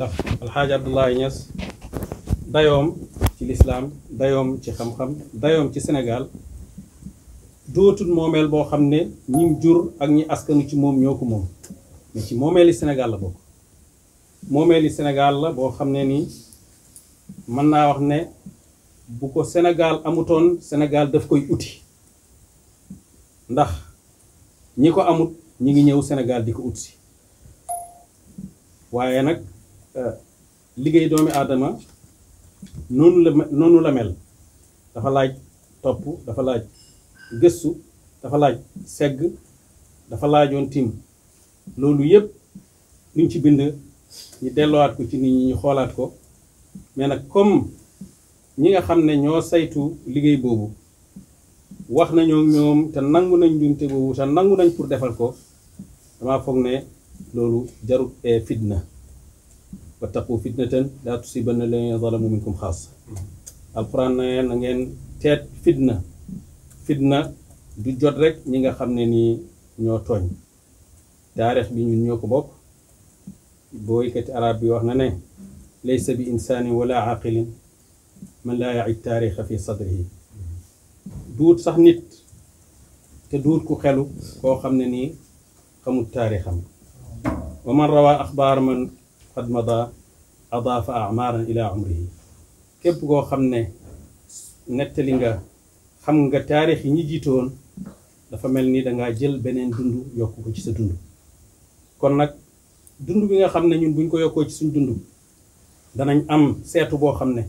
ndax alxaaji Abdoulaye Niass dayoom ci lislaam dayoom ci xam-xam dayoom ci Sénégal dootul moomeel boo xam ne ñim jur ak ñi askanu ci moom ñoo ko moom mais ci moomeeli Sénégal la bokk la boo xam ne nii mën naa wax ne bu ko Sénégal amutoon Sénégal daf koy uti ndax ñi ko amut ñi ngi ñëw Sénégal di ko ut si waaye nag Euh, liggéey doomi aadama noonu la mel dafa laaj topp dafa laaj gëstu dafa laaj segg dafa laajoon tim loolu yëpp luñ ci bind ñu dellowaat ko ci nit ñi ñu xoolaat ko mais nag comme ñi nga xam ne ñoo saytu liggéey boobu wax nañoo ñoom te nangu nañ njumte boobu te nangu nañ pour defal ko damaa foog ne loolu jarut eh, fitna wattaqu fitnatan laa tusibanna alladina zalamu minkum xaas alquran na na ngeen teet fitna fitna du jot rek ñi nga xam ne nii ñoo tooñ taarix bi ñu ñoo ko bokk boo yëkkati arab bi wax na ne laysa bi insaanin wala aqilin man laa yaci taarixa fi sadrihi duut sax nit te duut ku xelu koo xam ne nii xamul taarixam wa man rawa axbaar qad mada adaafa amaaran ila umrihi képp koo xam ne nettali nga xam nga taarix yi ñi jiitoon dafa mel ni dangaa jël beneen dund yokk ko ci sa dund kon nag dund bi nga xam ne ñun buñ ko yokkoo ci suñu dund danañ am seetu boo xam ne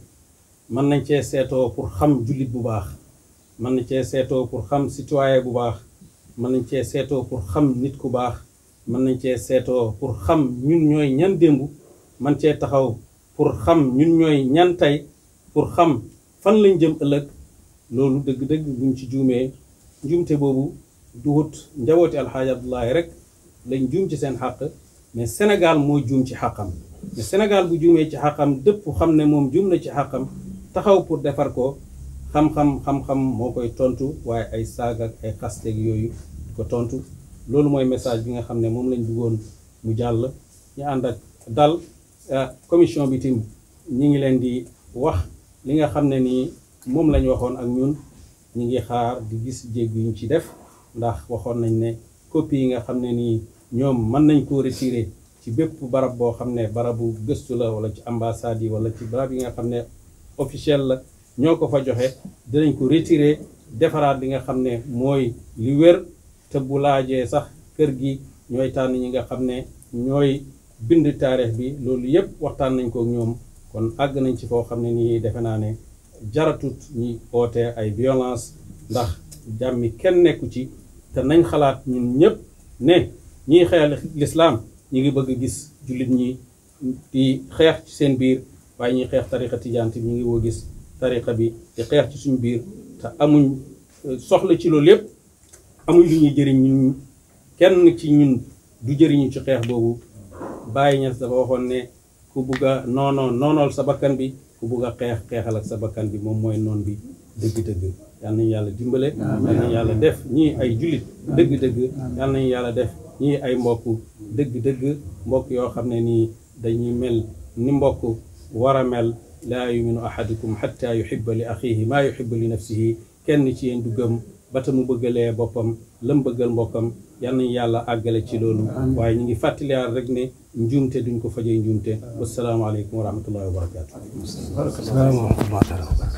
mën nañ cee seetoo pour xam jullit bu baax mën nañ cee seetoo pour xam citoyen bu baax mën nañ cee seetoo pour xam nit ku baax mën nañ cee seetoo pour xam ñun ñooy ñan démb man cee taxaw pour xam ñun ñooy ñan pour xam fan lañ jëm ëllëg loolu dëgg-dëgg buñ ci juumee njuumte boobu duhut njabooti alxaaji abdullahi rek lañ juum ci seen xàq mais Sénégal moo jum ci xàqam mais Sénégal bu juumee ci xàqam dëpp xam ne moom jum na ci xàqam taxaw pour defar ko xam-xam xam-xam moo koy tontu waaye ay saaga ay xasteeg yooyu ko tontu loolu mooy message bi nga xam ne moom lañ bëggoon mu jàll ñu ànd ak dal Euh, commission bitim tim ñi ngi leen di wax li nga xam ne nii moom lañ waxoon ak ñun ñi ngi xaar di gis jéeg yuñ ci def ndax waxoon nañ ne copie yi nga xam ne nii ñoom mën nañ koo retirer ci bépp barab boo xam ne barabu gëstu la wala ci ambassade yi wala ci barab yi nga xam ne officiel la ñoo ko fa joxe dinañ ko retirer defaraat li nga xam ne mooy li wér te bu laajee sax kër gi ñooy tànn ñi nga xam ne ñooy bind taarix bi loolu yëpp waxtaan nañ ko ak ñoom kon àgg nañ ci foo xam ne ni defe naa ne jaratut ñu oote ay violence ndax jàmmi kenn nekku ci te nañ xalaat ñun ñëpp ne ñiy xeexal lislaam ñu ngi bëgg gis jullit ñi di xeex ci seen biir waaye ñuy xeex tariqa tijaan bi ñu ngi woo gis tariqa bi di xeex ci suñu biir te amuñ euh, soxla ci loolu yëpp amuñ lu ñuy jëriñ ñun kenn ci ñun du jëriñu ci xeex boobu Baye sa dafa waxoon ne ku bugg a noonoo sa bakkan bi ku bugg a xeex xeexal ak sa bakkan bi moom mooy noon bi dëgg-dëgg yal yàlla dimbale yal yàlla def ñii ay jullit dëgg-dëgg yàlla def ñii ay mbokk dëgg-dëgg mbokk yoo xam ne nii dañuy mel ni mbokk war a mel laa yuminu ahadukum xatta yuhibba li axihi maa yuhibbu li nafsihi kenn ci yéen du ba te mu bëggalee boppam lam bëggal mbokkam yal nañu yàlla àggale ci loolu waaye ñu ngi fàttaliwaat rek ne njuumte duñ ko fajee njuumte wasalaamaaleykum wa rahmatullahi wa barakaatu